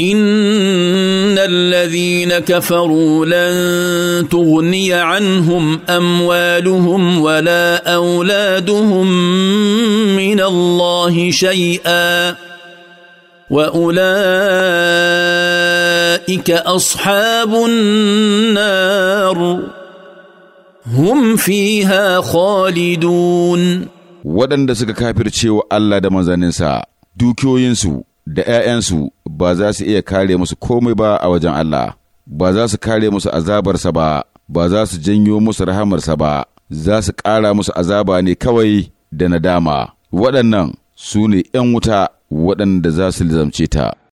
ان الذين كفروا لن تغني عنهم اموالهم ولا اولادهم من الله شيئا واولئك اصحاب النار هم فيها خالدون waɗanda suka kafircewa Allah da manzanninsa dukiyoyinsu da ba za su iya kare musu komai ba a wajen Allah, ba za su kare musu azabarsa ba, ba za su janyo musu rahamarsa ba, za su ƙara musu azaba ne kawai da nadama. Waɗannan su ne ’yan wuta waɗanda za su lizamce ta.